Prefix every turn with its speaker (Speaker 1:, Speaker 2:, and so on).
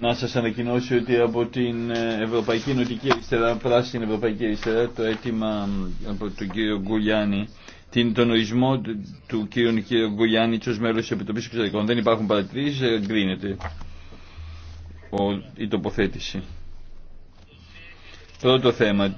Speaker 1: Να σας ανακοινώσω ότι από την ε, Ευρωπαϊκή Νοτική Αριστερά, Πράσινη Ευρωπαϊκή Αριστερά, το αίτημα από τον κύριο Γκουλιάνη, την, τον ορισμό του κύριου κύριο Γκουλιάνη ως μέλος της Επιτροπής Εξωτερικών. Δεν υπάρχουν παρατηρήσεις, εγκρίνεται η τοποθέτηση.
Speaker 2: Πρώτο θέμα,